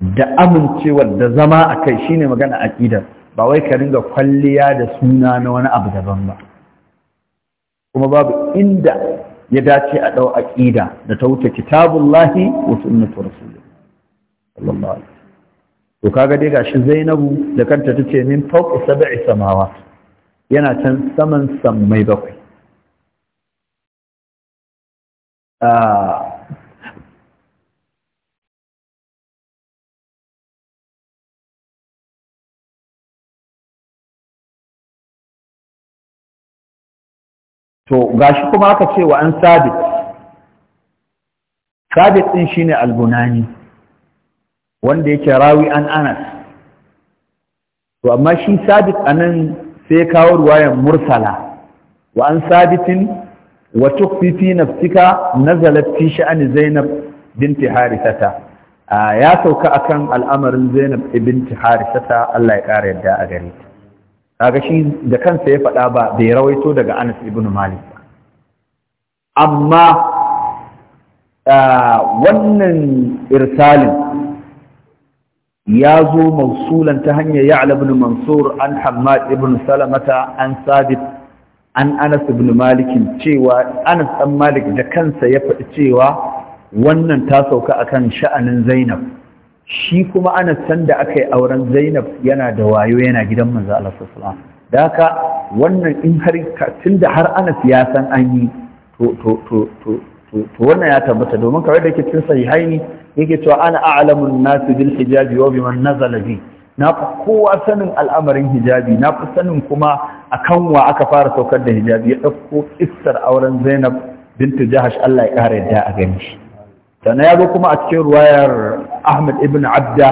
da amincewar da zama a kai shine magana aƙidar ba wai ka ringa kwalliya da suna na wani abu daban ba kuma babu inda ya dace a ɗau aƙida da ta wuce kitabullahi wa sunnatu rasulullah to kaga dai gashi Zainabu da kanta tace min fawqa sab'i samawat yana can saman sammai bakwai ah. to gashi kuma aka ce wa an sabit sabit din shine albunani wanda yake rawi an anas to amma shi sabit anan sai kawo ruwayan mursala wa an sabitin wa tukfi fi nafsika nazalat fi sha'ani zainab binti harisata ya sauka akan al'amarin zainab binti harisata Allah ya kara yadda a gare ta kaga shi da kansa ya faɗa ba bai rawaito daga Anas ibn Malik ba amma wannan irsalin ya zo mausulan ta hanyar ya'la ibn mansur an hammad ibn salamata an sabit an anas ibn malik cewa anas dan malik da kansa ya faɗi cewa wannan ta sauka akan sha'anin zainab shi kuma anas sanda aka yi auren zainab yana da wayo yana gidan manzo Allah sallallahu alaihi wasallam da wannan in har tunda har anas ya san an yi to to to to to wannan ya tabbata domin kawai da yake cikin sahihaini yake cewa ana a'lamun nasu bil hijabi wa biman nazala bi na fi kowa sanin al'amarin hijabi na fi sanin kuma akan wa aka fara saukar da hijabi ya ɗauko kissar auren Zainab bintu Jahash Allah ya ƙara yadda a gani shi ya zo kuma a cikin ruwayar Ahmad ibn Abda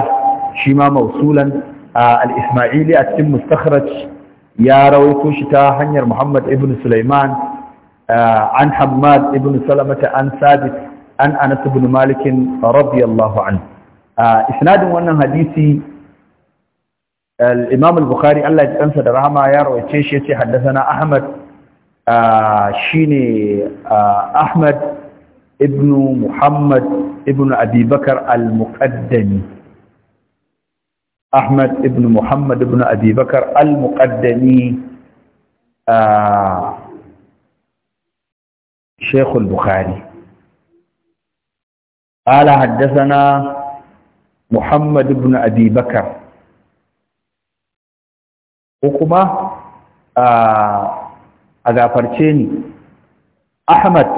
shi ma mausulan al-Ismaili a cikin mustakhraj ya rawaito shi ta hanyar Muhammad ibn Sulaiman an Hammad ibn Salamata an Sabit an anas ibn malik radiyallahu anhu isnadin wannan hadisi al-imam al-bukhari Allah ya kansa da rahama ya rawaice shi yace haddathana ahmad shine ahmad ibn muhammad ibn abi bakr al-muqaddami ahmad ibn muhammad ibn abi bakr al-muqaddami shaykh al قال حدثنا محمد بن أبي بكر وكما أغافرتيني أحمد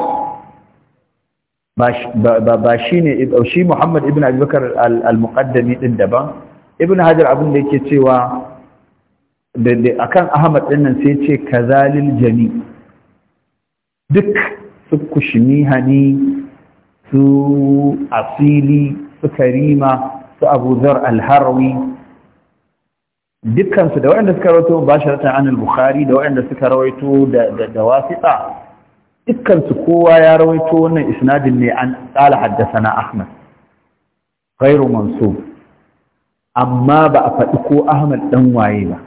ba shi ne shi Muhammad ibn Abubakar al-Muqaddami din daban ibn Hajar abin da yake cewa akan Ahmad din nan sai ce kazalil jami duk su hani? su asili su karima su abu zar alharwi dukkansu da waɗanda suka rawaito ba shi ratan an al-bukhari da waɗanda suka rawaito da wasiƙa dukkansu kowa ya rawaito wannan isnadin ne an tsala na ahmad ghairu mansub amma ba a faɗi ko ahmad ɗan waye ba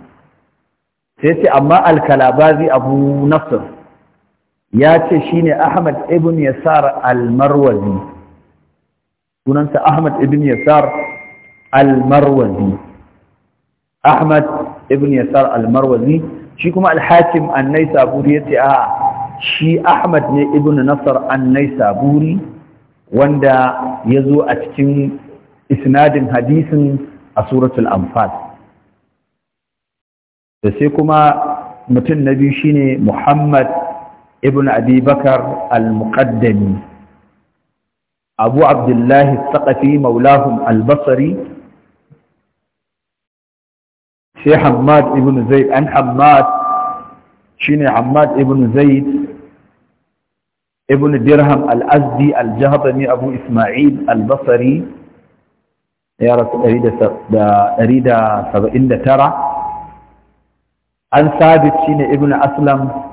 sai ce amma alkalabazi kalabazi abu nasr ya ce ne Ahmad ibn Yasar al-Marwazi sunansa Ahmad ibn Yasar al-Marwazi Ahmad ibn Yasar al-Marwazi shi kuma al-Hakim an-Naisaburi yace a shi Ahmad ne ibn Nasr an-Naisaburi wanda yazo a cikin isnadin hadisin a suratul Anfal da sai kuma mutum na biyu shine Muhammad ibn abi bakar al-muqaddami abu abdullahi al-thaqafi al-basri sai hamad ibn zaid an hamad shine hamad ibn zaid ibn dirham al-azdi al-jahdami abu isma'il al-basri ya rasu 179 an sabit shine ibn aslam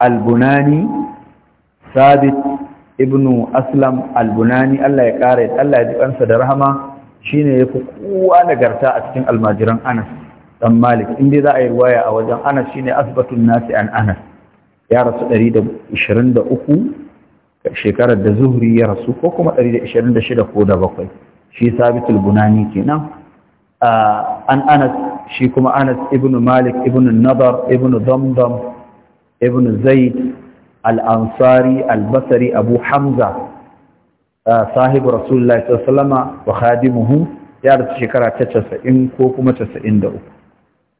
albunani sabit ibnu aslam albunani Allah ya kare Allah ya ji kansa da rahama shine yafi kowa nagarta a cikin almajiran Anas dan Malik inda za a yi riwaya a wajen Anas shine asbatun nasi an Anas ya rasu 123 shekarar da Zuhri ya rasu ko kuma 126 ko da bakwai shi sabitul bunani kenan ah, an Anas shi kuma Anas ibnu Malik ibnu Nadar ibnu Damdam ibn zaid al-ansari al-basri abu hamza uh, sahibu rasulullahi wa khadimuhu ya rasu shekara ta 90 ko kuma 93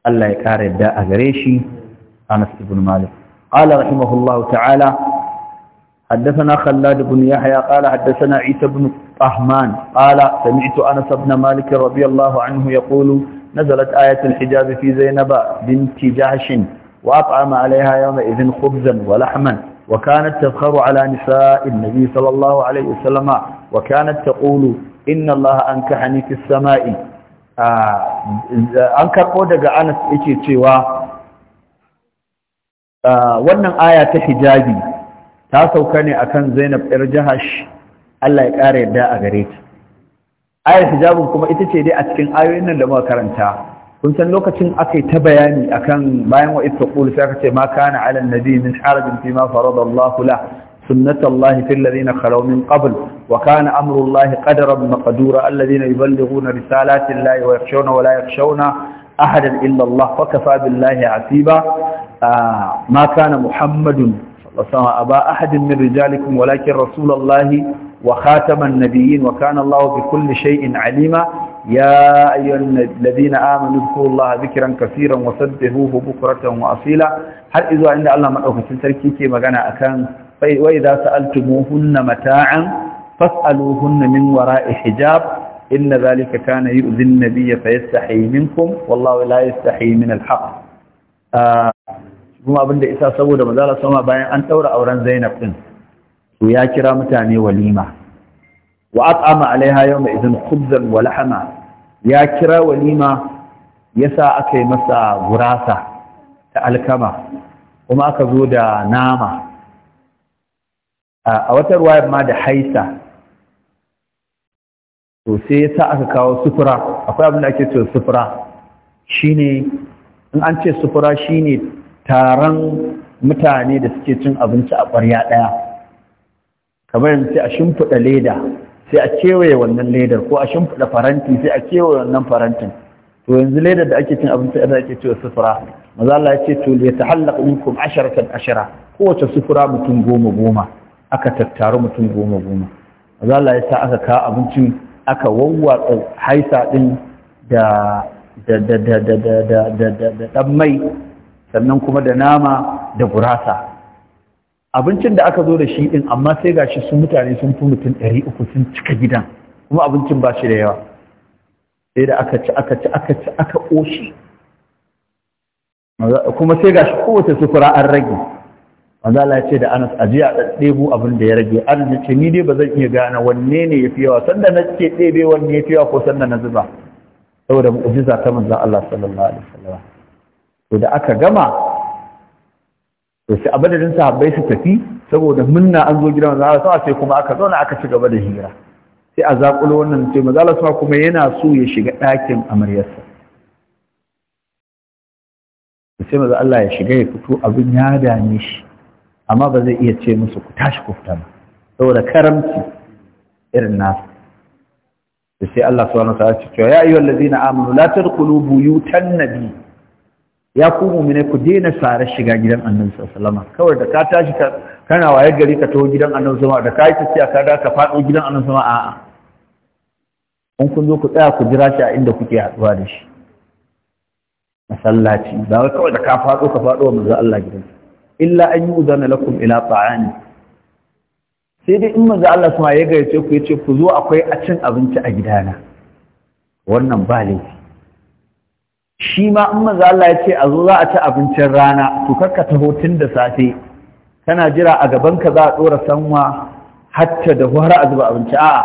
Allah ya kare da a gare shi Anas ibn qala rahimahullahu ta'ala haddathana Khalid ibn Yahya qala haddathana Isa ibn Ahman qala sami'tu Anas ibn Malik radiyallahu anhu yaqulu nazalat ayatu al-hijab fi zainaba binti hashin. وأطعم عليها يومئذ خبزا ولحما وكانت تفخر على نساء النبي صلى الله عليه وسلم وكانت تقول إن الله أنكحني في السماء أنكر قودك أنس إيشي تشيوا wannan aya ta hijabi ta sauka ne akan Zainab ɗar Jahash Allah ya ƙara yadda a gare ta ayar hijabin kuma ita ce dai a cikin ayoyin nan da karanta kun san lokacin aka yi ta bayani akan bayan wa ittaqul sai aka ce ma kana ala annabi min harajin fi ma farada Allah la sunnat Allah fi alladhina khalaw min qabl wa kana amru Allah qadaran maqdura alladhina yuballighuna risalati Allah wa yakhshawna wa la yakhshawna illa Allah fa kafa billahi asiba ah, ma kana Muhammadun sallallahu aba ahadin min rijalikum walakin rasulullah wa khataman nabiyyin wa kana Allah bi kulli shay'in alima يا أيها الذين آمنوا اذكروا الله ذكرا كثيرا وسبحوه بكرة وأصيلا هل إذا عند الله مدعوك سلتركي كما كان أكان وإذا سألتموهن متاعا فاسألوهن من وراء حجاب إن ذلك كان يؤذي النبي فيستحي منكم والله لا يستحي من الحق kuma abinda isa saboda mazala sama bayan an daura auren Zainab din to ya kira mutane walima wa at'ama alaiha yawma idhin khubzan wa lahama ya kira walima yasa aka yi masa gurasa ta alkama kuma aka zo da nama a wata ruwayar ma da haisa to sai yasa aka kawo sufura akwai abin da ake cewa sufura shine in an ce sufura shine taron mutane da suke cin abinci a ƙwarya ɗaya kamar yanzu a shimfiɗa leda sai a kewaye wannan ledar ko a shimfiɗa faranti sai a kewaye wannan farantin to yanzu ledar da ake cin abinci da ake cewa sufura maza Allah ya ce to li ta'allaq minkum asharatan ashara kowace sufura mutum goma goma aka tattaru mutum goma goma maza Allah ya sa aka ka abincin aka wawwatsa haisa din da da da da da da da da da mai sannan kuma da nama da gurasa abincin da aka zo da shi din amma sai gashi sun mutane sun fi mutum ɗari uku, sun cika gidan kuma abincin ba shi da yawa sai da aka ci aka ci aka ci aka ƙoshi kuma sai gashi kowace sufura an rage manzala ya ce da anas ajiya a ɗebo abin da ya rage anas ya ce ni dai ba zan iya gane wanne ne ya fi yawa sanda na ce ɗebe wanne ya fi yawa ko sanda na zuba saboda mu'ujiza ta manzan Allah sallallahu alaihi wasallam to da aka gama to sai abadadin sahabbai su tafi saboda munna an zo gidan manzo Allah sama sai kuma aka zauna aka ci gaba da hira sai a zakulo wannan sai manzo Allah kuma yana so ya shiga ɗakin amaryarsa sai manzo Allah ya shiga ya fito abin ya dame shi amma ba zai iya ce musu ku tashi ku fita ba saboda karamci irin nasu sai Allah subhanahu wa ta'ala ya ce ya ayyuhallazina amanu la tadkhulu buyutan nabiy ya ku mu'mine ku daina sare shiga gidan annabi sallallahu alaihi kawai da ka tashi ka kana waye gari ka taho gidan annabi sallallahu da kai tafiya ka da ka fado gidan annabi sallallahu a'a in kun zo ku tsaya ku jira shi a inda kuke haduwa da shi masallaci ba kawai da ka fado ka fado wa manzo Allah gidan illa an yu'zana lakum ila ta'ani sai dai in manzo Allah sama ya gayyace ku yace ku zo akwai a cin abinci a gidana wannan ba laifi shi ma in maza Allah ya ce a zo za a ci abincin rana to karka taho tun da safe kana jira a gaban ka za a dora sanwa hatta da har a zuba abinci a'a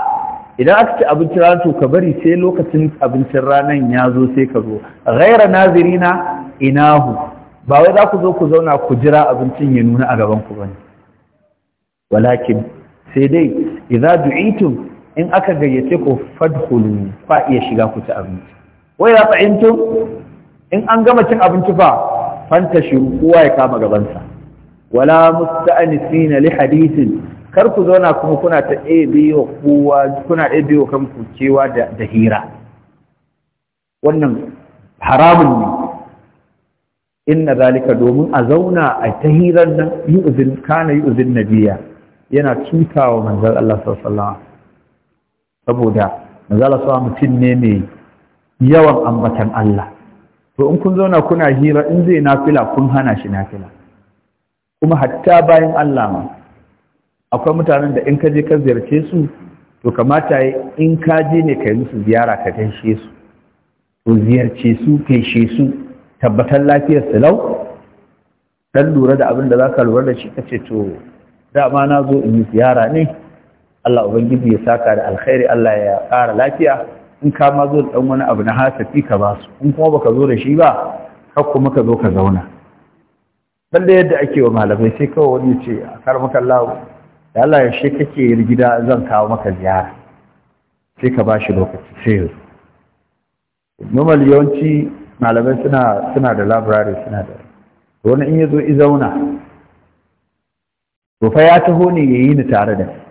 idan aka ci abincin rana to ka bari sai lokacin abincin ranan ya zo sai ka zo ghaira nazirina inahu ba wai za ku zo ku zauna ku jira abincin ya nuna a gaban ku bane walakin sai dai idza du'itum in aka gayyace ku fadkhulu fa iya shiga ku ci abinci wai ya fa'intum in an gama cin abinci fa fanta shiru kowa ya kama gabansa wala musta'anisina li hadithin kar ku zauna kuma kuna ta ebewa kowa kuna kanku cewa da hira wannan haramun ne inna zalika domin a zauna a ta hirar nan yu'zin kana yu'zin nabiya yana cutawa manzon Allah sallallahu alaihi saboda manzon Allah mutum ne mai yawan ambatan Allah to in kun zauna kuna hira in zai nafila kun hana shi nafila kuma hatta bayan Allah ma akwai mutanen da in ka je ka ziyarce su to kamata in ka je ne ka yi musu ziyara ka gaishe su to ziyarce su gaishe su tabbatar lafiyar su lau dan lura da abin da za ka lura da shi ka ce to dama na zo in yi ziyara ne Allah Ubangiji ya saka da alkhairi Allah ya ƙara lafiya in ka ma zo da ɗan wani abu na hasafi ka ba su in kuma baka zo da shi ba har kuma ka zo ka zauna balle yadda ake wa malamai sai kawai wani ce a kar maka Allah da Allah ya she kake gida zan kawo maka ziyara sai ka bashi lokaci sai yau. normal yawanci malamai suna suna da library suna da wani in ya zo i zauna to fa ya taho ne yayi ni tare da shi.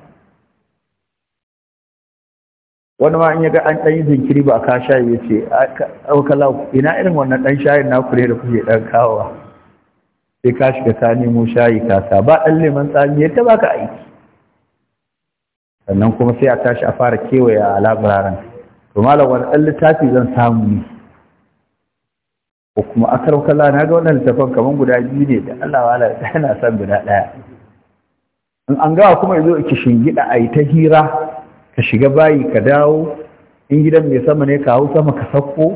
wani ma in ya ga an ɗan yi jinkiri ba ka shayi ya ce aukala ina irin wannan ɗan shayin na kure da kuke ɗan kawowa sai ka shiga ka nemo shayi kasa, sa ba ɗan leman tsami yadda ba ka aiki sannan kuma sai a tashi a fara kewaye a labararen to malam wani ɗan littafi zan samu ne ko kuma a karkala na ga wannan littafin kamar guda biyu ne da Allah wala yana son guda ɗaya in an gawa kuma ya zo ki shingida a yi ta hira ka shiga bayi ka dawo in gidan mai sama ne ka hau sama ka sauko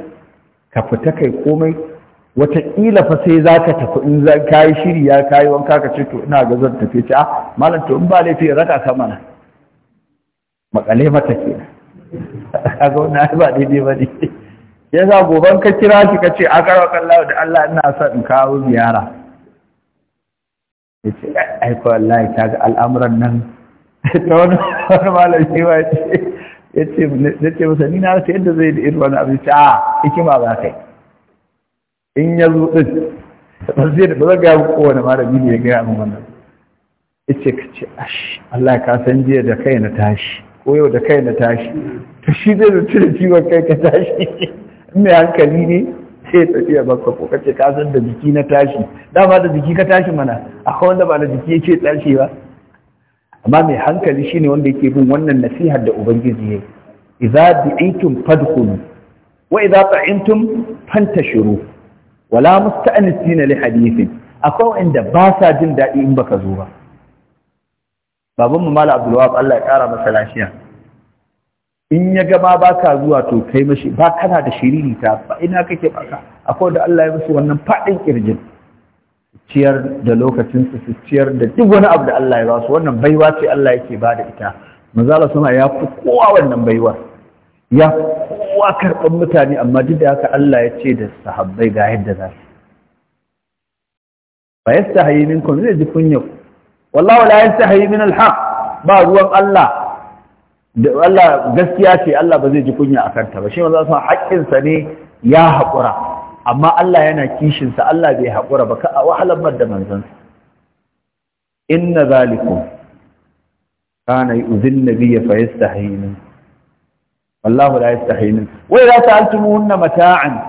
ka fita kai komai wataƙila fa sai za ka tafi in ka yi shiri ya ka yi wanka ka ce to ina ga zan tafi ce a ah, malam to in ba laifi ya raka ka mana makale mata ke a ga wani ba daidai ba ne ya sa goban ka kira shi ka ce a karwa kallawa da Allah ina son in kawo ziyara ya ce ai ko ya ta ga al'amuran nan ta wani malami ba ya ce masa ni na rasa yadda zai da irin wani abinci ta ah, hikima ba kai in ya zo din ba zai da ba zan gaya ko wani malami ne ya gaya min wannan ya ce ka ce ash Allah ka san jiya da kai na tashi ko yau da kai na tashi to shi zai da cire ciwon kai ka tashi in mai hankali ne sai tafiya baka ko kace ka san da jiki na tashi dama da jiki ka tashi mana akwai wanda ba da jiki yake tashi ba amma mai hankali shine wanda yake bin wannan nasihar da ubangiji yayi idza du'itum fadkhulu wa idza ta'intum fantashiru wala musta'nisina li hadithin akwai inda ba sa jin daɗi in baka zo ba Babanmu mu mala abdul Allah ya kara masa lafiya in ya ga ba baka zuwa to kai mashi ba kana da shiriri ta ba ina kake baka akwai da Allah ya musu wannan fadin kirjin ciyar da lokacin su su ciyar da duk wani abu da Allah ya ba su wannan baiwa ce Allah yake ba da ita manzala sama ya fi kowa wannan baiwar ya kowa karɓar mutane amma duk da haka Allah ya ce da sahabbai ga yadda za su fa min kun zai ji kunya wallahi la hayi min alhaq ba ruwan Allah da Allah gaskiya ce Allah ba zai ji kunya akan ta ba shi manzala sama haƙƙinsa ne ya haƙura amma Allah yana kishinsa Allah bai haƙura ba ka a wahalar da manzansa inna zalikum kana yi yu'zin nabiyya fa yastahin wallahu la yastahin wa idza sa'altumuhunna mata'an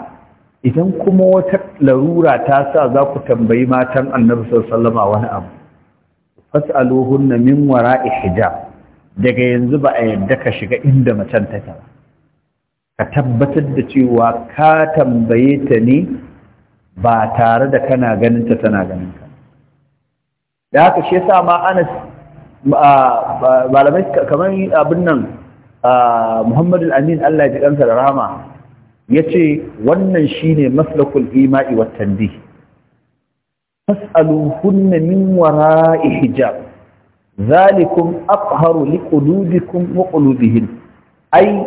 idan kuma wata larura ta sa za ku tambayi matan Annabi sallama alaihi wani abu fas'aluhunna min wara'i hijab daga yanzu ba a yadda ka shiga inda macen take ba ka tabbatar da cewa ka tambaye ta ne ba tare da kana ganin tana ka da haka shi yasa ma Anas malamai kamar abin nan Muhammadu Al-Amin Allah ya ji da da ya ce wannan shine maslakul ima'i wat tanbih fas'aluhunna min wara'i hijab zalikum aqharu liqulubikum wa qulubihin ai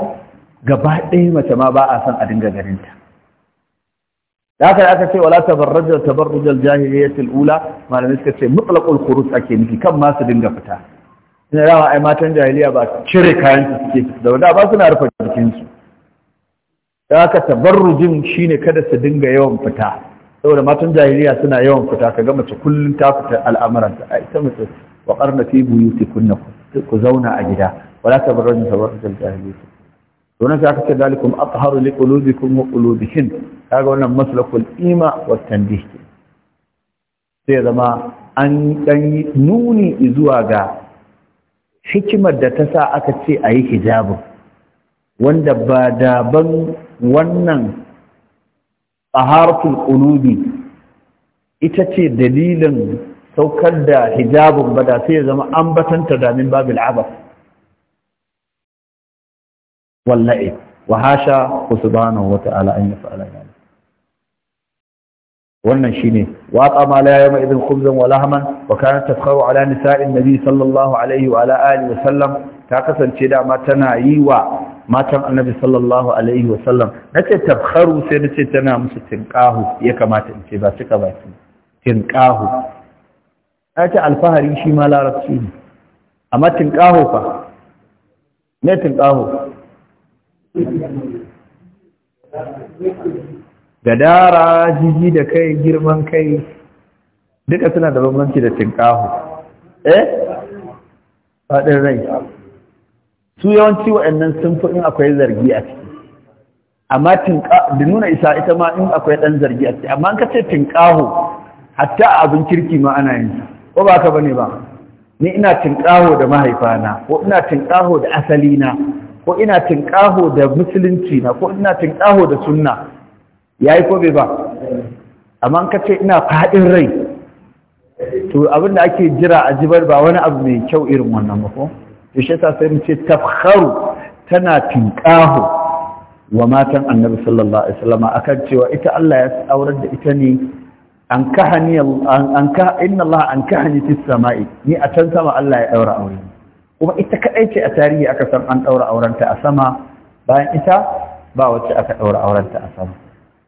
gaba ɗaya mace ma ba a son a dinga ganinta da aka yi aka ce wala ta tabarrujar jahiliyyatul ula malamai suka ce mutlaƙul kurus ake nufi kan ma su dinga fita ina rawa ai matan jahiliya ba cire kayan su suke da wanda ba suna rufe jikin su da haka tabarrujin shine kada su dinga yawan fita saboda matan jahiliya suna yawan fita Ka ga mace kullum ta fita al'amuran ta ai ta mace wa qarna fi buyutikunna ku zauna a gida wala ta tabarrujal jahiliyyah to nan aka ce dalikum atharu liqulubikum wa qulubihim kaga wannan maslakul ima wa tandih sai zama an dan nuni zuwa ga hikimar da ta sa aka ce a yi wanda ba daban wannan taharatul qulubi ita ce dalilin saukar da hijabun ba da sai zama an batanta damin babil abas wallahi wa hasha subhanahu wa ta'ala an yaf'ala ذلك wannan shine waqa ma la yawma idhin khubzan wa lahman wa kanat tafkharu ala nisa'in nabi sallallahu alaihi wa ala alihi wa sallam ta kasance da ma tana yi wa matan annabi sallallahu alaihi wa sallam nace tafkharu sai nace tana musu tinqahu ya kamata in ce ba cika baki tinqahu nace alfahari shi ma larabci ne amma tinqahu fa ne tinqahu gadara jiji da kai girman kai duka suna da bambanci da tinkahu eh faɗin rai su yawanci waɗannan sun fi in akwai zargi a ciki amma da nuna isa ita ma in akwai ɗan zargi a ciki amma an kace tinkahu hatta abin kirki ma ana yin ko ba ka bane ba ni ina tinkahu da mahaifana ko ina tinkahu da asalina ko ina tinƙaho da musulunci na ko ina tinƙaho da sunna ya yi ko ba amma ka ce ina faɗin rai to abinda ake jira a jibar ba wani abu mai kyau irin wannan mako to shi ta sai mu ce tafkharu tana tinƙaho wa matan annabi sallallahu alaihi wasallam akan cewa ita Allah ya aurar da ita ne an kahani an inna Allah an kahani fis sama'i ni a can sama Allah ya daura aure kuma ita kaɗai ce a tarihi aka san an ɗaura aurenta a sama bayan ita ba wacce aka ɗaura aurenta a sama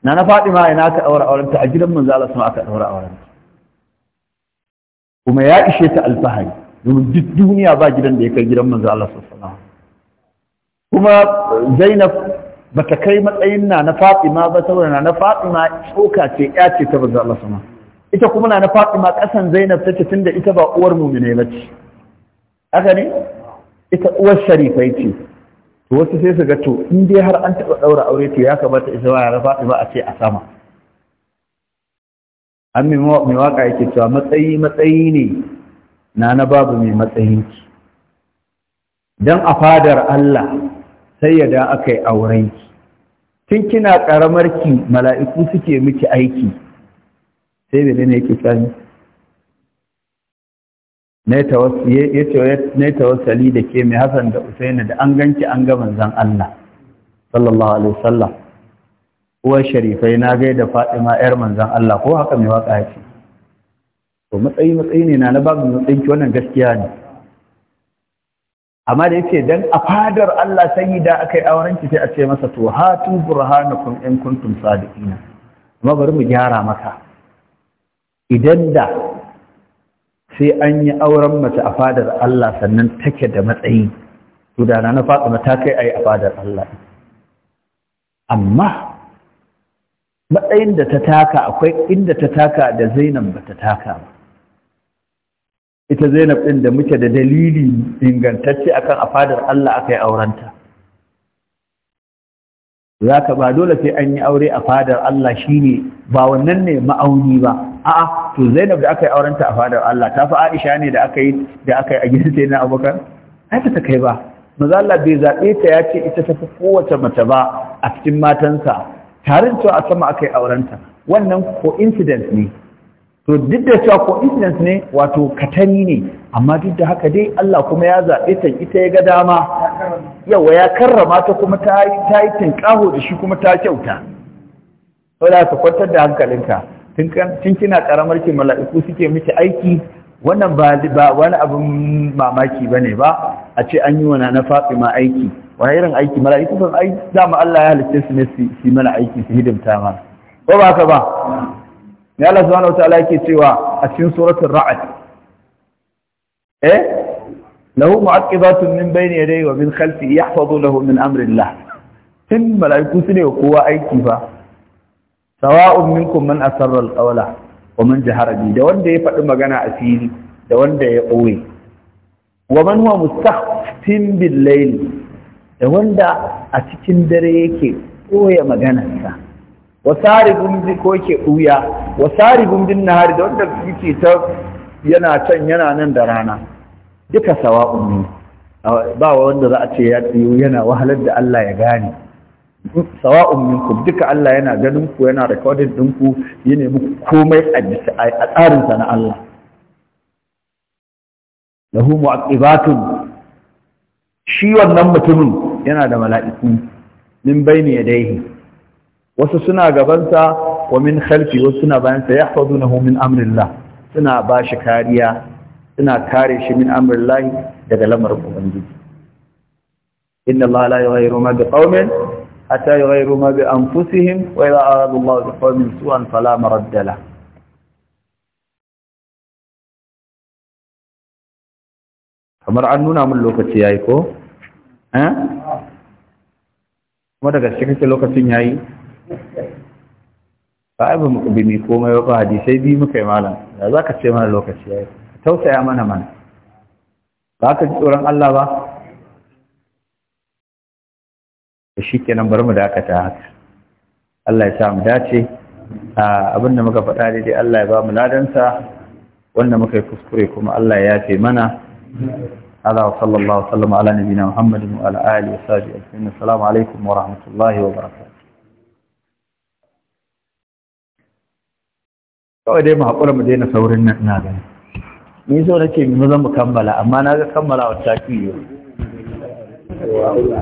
na na ma ina aka ɗaura aurenta a gidan manzala sama aka ɗaura aurenta kuma ya ishe ta alfahari domin duk duniya ba gidan da ya kai gidan manzala sallallahu kuma zainab ba ta kai matsayin na na ma ba saboda na na ma tsoka ce ya ce ta manzala sama ita kuma na na ma ƙasan zainab ta ce tunda ita ba uwar ne ba ce aka ne ita uwar sharifai ce to wasu sai su gato, to in dai har an taɓa ɗaura aure to ya kamata ita ba ya ba a ce a sama an mai waka yake cewa matsayi matsayi ne na na babu mai matsayin ki don a fadar Allah sai ya da aka yi auren ki tun kina ƙaramar ki mala'iku suke miki aiki sai da ne yake sani na yi tawassali da ke mai hasan da usaini da an ganci an ga zan Allah sallallahu alaihi wasallam uwar sharifai na gai da fatima yar manzan Allah ko haka mai waka ce to matsayi matsayi ne na na babu matsayin wannan gaskiya ne amma da yace dan a fadar Allah aka yi auren ki sai a ce masa to hatu burhanakum in kuntum sadiqina amma bari mu gyara maka idan da sai an yi auren mace a fadar Allah sannan take da matsayi gudana da na fatima ta kai a fadar Allah amma matsayin da ta taka akwai inda ta taka da Zainab ba ta taka ba ita Zainab ɗin da muke da dalili ingantacce akan a fadar Allah akai aurenta zaka ba dole sai an yi aure a fadar Allah shine ba wannan ne ma'auni ba a'a to Zainab da aka yi aurenta a fadar Allah ta fi Aisha ne da aka yi da aka yi a gidan Sayyidina Abubakar ai ta kai ba Maza Allah bai zabe ta ya ce ita ta fi kowace mace ba a cikin matansa tarin cewa a sama aka yi aurenta wannan coincidence ne to duk da cewa coincidence ne wato katani ne amma duk da haka dai Allah kuma ya zabe ta ita ya ga dama yawa ya karrama ta kuma ta yi ta yi tinkaho da shi kuma ta kyauta saboda ka kwantar da hankalinka tun kina karamar ki mala'iku suke miki aiki wannan ba wani abin mamaki bane ba a ce an yi wana na ma aiki wani irin aiki mala'iku sun dama Allah ya halitta su ne su mana aiki su hidimta ma ko ba ka ba ne Allah subhanahu wataala yake cewa a cikin suratul ra'd eh lahu mu'aqibatun min bayni yadayhi wa min khalfihi yahfazu lahu min amri Allah tun mala'iku su ne kowa aiki ba sawa'un minkum man asarra al-qawla wa man jahara bi da wanda ya faɗi magana a fili da wanda ya ɓoye wa man huwa mustaqtin bil layl da wanda a cikin dare yake ɓoye maganarsa wa saribun bi ko yake ɓuya wa saribun bin nahari da wanda yake ta yana can yana nan da rana duka sawa'un ba wanda za a ce ya yana wahalar da Allah ya gane sawa'un minkum duka Allah yana ganin ku yana recorded din ku yana muku komai a tsarin sa na Allah lahu mu'aqibatun shi wannan mutumin yana da mala'iku min bayni yadayhi wasu suna gabansa wa min khalfi wasu suna bayansa yahfazunahu min amrillah suna ba shi kariya suna kare shi min amrillah daga lamarin ubangiji inna allaha la yughayyiru ma حتى يغيروا ما بأنفسهم وإذا أراد الله بقوم سوءا فلا مرد له kamar an nuna min lokaci yayi ko eh kuma daga cikin lokacin yayi ba ai ba mu bi mi komai ba hadisai bi muka yi malam Za zaka ce mana lokaci yayi tausaya mana mana ba ka ji tsoron Allah ba shi kenan bari mu dakata haka Allah ya sa mu dace abinda muka faɗa daidai Allah ya ba mu ladansa wanda muka yi kuskure kuma Allah ya yafe mana ala wa sallallahu wa sallama ala na Muhammadin wa ala alihi wa sahbihi ajma'in assalamu alaikum wa rahmatullahi wa barakatuh kawai dai mu haƙura mu daina saurin nan ina gani ni so nake mu zan mu kammala amma na ga kammala wa ta